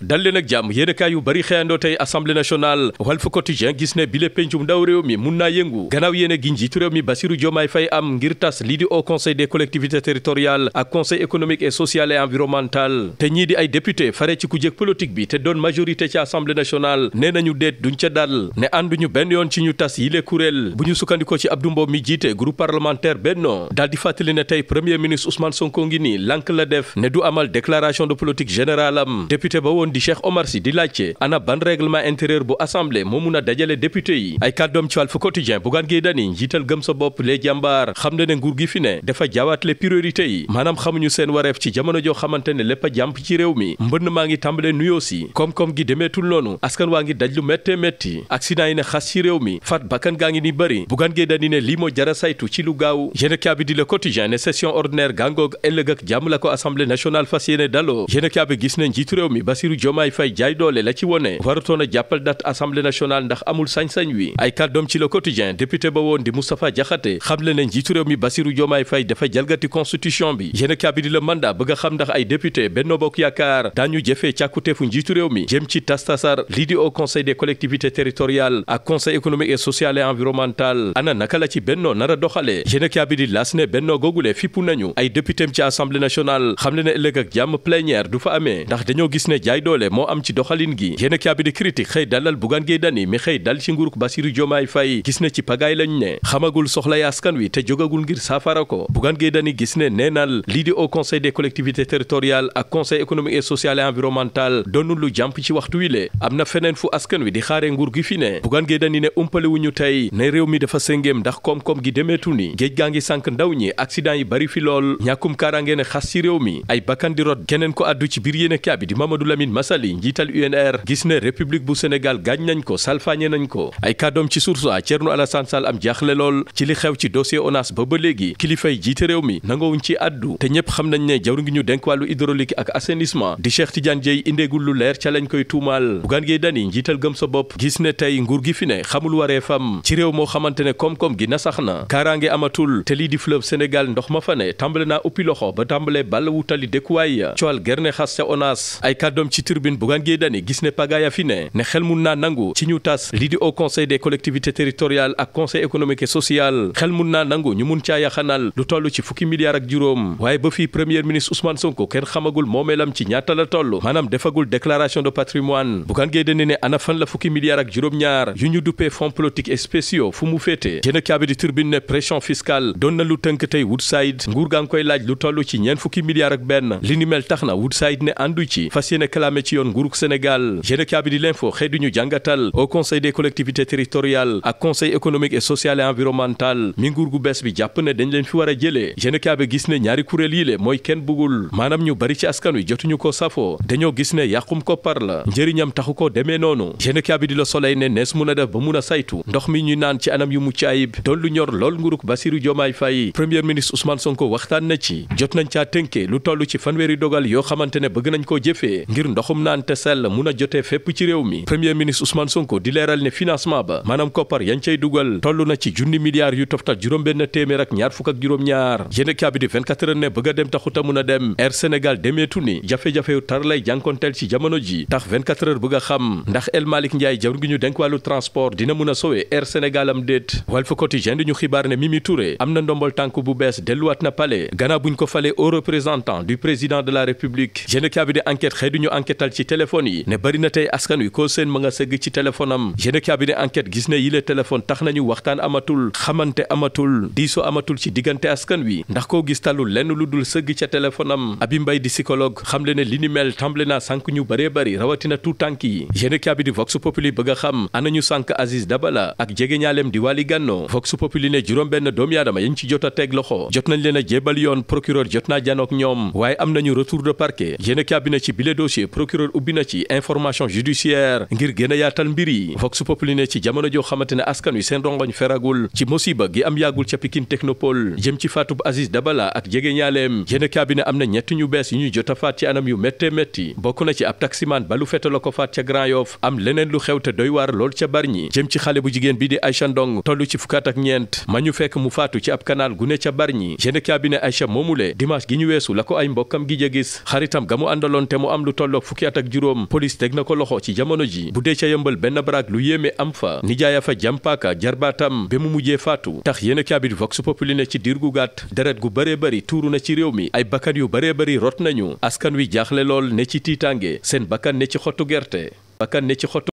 dal leen ak jàmm yéenekaay yu bari xëyandoo tey assemblée nationale Walf Quotidien gis ne bile pencum ndaw réew mi mun naa yëngu gannaaw yéene gi njiitu réew mi Bassirou Diomaye Faye am ngir tas lii di au conseil des collectivités territoriales ak conseil économique et social et environnemental te ñii di ay député fare ci ku jëkk bi te doon majorité ci assemblée nationale nee nañu déet duñ ca dal ne ànduñu benn yoon ci ñu tas yile kuréel bu ñu sukkandikoo ci Abdou Mbow mi jiite groupe parlementaire Benno daal di fàttali ne tey premier ministre Ousmane Sonko ngi nii lank la def ne du amal déclaration de politique générale am di Cheikh Omar Sy di laajte ana ban règlement intérieur bu assemblée moo mun a dajale député yi ay kàddoom ci Walf Quotidien Bougane Gueye Dany njiital gëm sa bopp les jàmbaar xam ne nguur gi fi ne dafa jaawaatale priorité yi maanaam xamuñu seen wareef ci jamono joo xamante ne a jàmp ci réew mi mbënn maa ngi tàmbalee nuyoo si koom-koom gi demeetul noonu askan waa ngi daj lu méttee métti accident yi ne xas ci réew mi faat bakkan gaa ngi ni bëri Bougane Diomaye Faye jaay doole la ci wone warutoon a jàppal date assemblée nationale ndax amul sañ-sañ wi ay kàddoom ci le quotidien député ba woon di Moustapha Diakhaté xamle ne njiitu réew mi Bassirou Diomaye Faye dafa jalgati constitution bi yéen a bi di mi jëm ci tastasar lii di au conseil des collectivités territoriales ak conseil économique et social et environnemental ana naka la ci Benno nar a doxalee yéen a las ne Benno googule fippu nañu ay députéem ci assemblée nationale jaay doole moo am ci doxalin gi yéen a bi di critique xëy dalal Bougane Gueye Dany mi xëy dal ci nguurug Bassirou Diomaye Faye gis na ci pagaay lañ ne xamagul soxlay askan wi te jógagul ngir saafara ko Bougane Gueye Dany gis ne neenal lii conseil des collectivités territoriales ak conseil économique et social et environnemental lu jàmp ci waxtu wi le am na feneen fu askan wi di xaare nguur gi fi ne Bougane Gueye Dany ne umpale wu ñu tey ne réew mi dafa sëngéem ndax ni géej ngi sànk ndaw ñi accident yi bari fi lool ñàkkum kaaraange ne xas ci réew mi Lamine Massaly njiital UNR gis ne république bu Sénégal gaañ nañ ko salfaañe nañ ko ay kàddoom ci source a Thierno Alassane Sall am jaaxle lool ci li xew ci dossier ONAS ba ba léegi kilifay jiite réew mi nangawuñ ci àddu te ñëpp xam nañ ne jaru ngi ñu denk wàllu hydraulique ak assainissement di Cheikh Tidiane Dièye indeegul lu leer ca lañ koy tuumaal Bougane Gueye Dany njiital gëm sa bopp gis ne tey nguur gi fi ne xamul waree fam ci réew moo xamante ne koom-koom gi nasax na kaaraange amatul te lii di fleuve Sénégal ndox ma fa ne tàmbale naa uppi ba tàmbale bàll wu tali dëkkuwaay coal gerne xas ca ONAS ay kàddoom ci ci tribune Bougane Gueye Dany gis ne pagaaya fi ne ne xel mun naa nangu ci ñu tas lii di au conseil des collectivités territoriales ak conseil économique et social xel mun naa nangu ñu mun caa yaxanal lu toll ci fukki milliards ak juróom waaye ba fii premier ministre Ousmane Sonko kenn xamagul moomeelam ci ñaata la toll maanaam defagul déclaration de patrimoine Bougane Gueye ne ana fan la fukki milliards ak juróom-ñaar yu ñu duppee fonds politique et spéciaux fu mu féete jëna kaabi di tribune ne pression ci ñeent fukki laam-laame ci yoon nguurug Sénégal yéenekaay bi di l'info xëy duñu jàngatal au conseil des collectivités territoriales ak conseil économique et social et mi nguur bees bi jàpp ne dañ leen fi war a jëlee yéenekaay bi gis ne ñaari kuréel yi le mooy kenn bugul maanaam ñu bari ci askan wi jotuñu ko safo dañoo gis ne yàqum koppar la njëriñam taxu ko demee noonu yéenekaay bi di la Soleil ne nees mun a def ba mun a saytu ndox mi ñuy naan ci anam yu mu ayib doon lu ñor lool nguurug Bassirou Diomaye Faye premier ministre yoo xamante ne ndoxum naan te mun a jotee fépp ci réew mi premier ministre Ousmane Sonko di leeral ne financement ba maanaam koppar yañ cay dugal toll na ci junni milliards yu toftal juróom-benn téeméer ak ñaar fukk ak juróom a mun a dem Air Sénégal demeetu ni jafe-jafe tar lay jànkonteel ci jamono ji tax 24 xam ndax El Malick Ndiaye jawriñ gi ñu dénk wàllu transport dina mun a sowe Air Sénégal am déet Walf Quotidien di ñu xibaar ne Mimi Touré am na ndombol tànk enquêtal ci téléphone yi ne bari na tey askan wi ko seen ma nga sëgg ci téléphone am géne cabinet enquête gis ne yile téléphone tax nañu waxtaan amatul xamante amatul diisoo amatul ci diggante askan wi ndax koo gis talul lenn lu dul sëgg ca téléphone am abi mbay di psychologue xam le ne li ni mel tàmbale naa sànk ñu bëree bëri rawatina tout tànk yi géne cabinet vox populi bëgg a xam anañu sànk Aziz Dabala ak jege ñaaleem di Waly Ganno vox populi ne juróom-benn doomu aadama yañ ci jot a teg loxo jot nañ leen jot naa janook ñoom waaye am nañu retour de parquet géne cabinet ci bile procureur ubbi na ci information judiciaire ngir gën a yaatal mbir yi vox populi ne ci jamono joo xamante ne askan wi seen rongoñ feragul ci musiba gi am yàggul ca Pikine Technopole jëm ci faatub Aziz Dabala ak jege ñaaleem yéen cabinet am na ñetti ñu bees yu ñuy jot a faat ci anam yu méttee métti bokk na ci ab taximaan ba lu fete ko faat ca Grand Yoff am leneen lu xew te doy waar lool ca Bargny jëm ci xale bu jigéen bi di Aïcha Ndong tollu ci fukki at ak juróom police teg na ko loxo ci jamono ji bu dee ca yëmbal benn baraag lu yéeme am fa nijaaya fa jàmpaaka jarbaatam ba mu mujjee faatu tax yéen a kaabit vox populi ne ci diir gu gàtt deret gu bëree bari tuuru na ci réew mi ay bakkan yu bëree bëri rot nañu askan wi jaaxle lool ne ci tiitaange seen bakkan ne ci xottu gerte bakkan ne ci xottu